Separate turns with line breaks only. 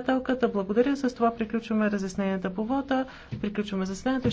председателката. Благодаря. С това приключваме разясненията по вода. Приключваме заседанието.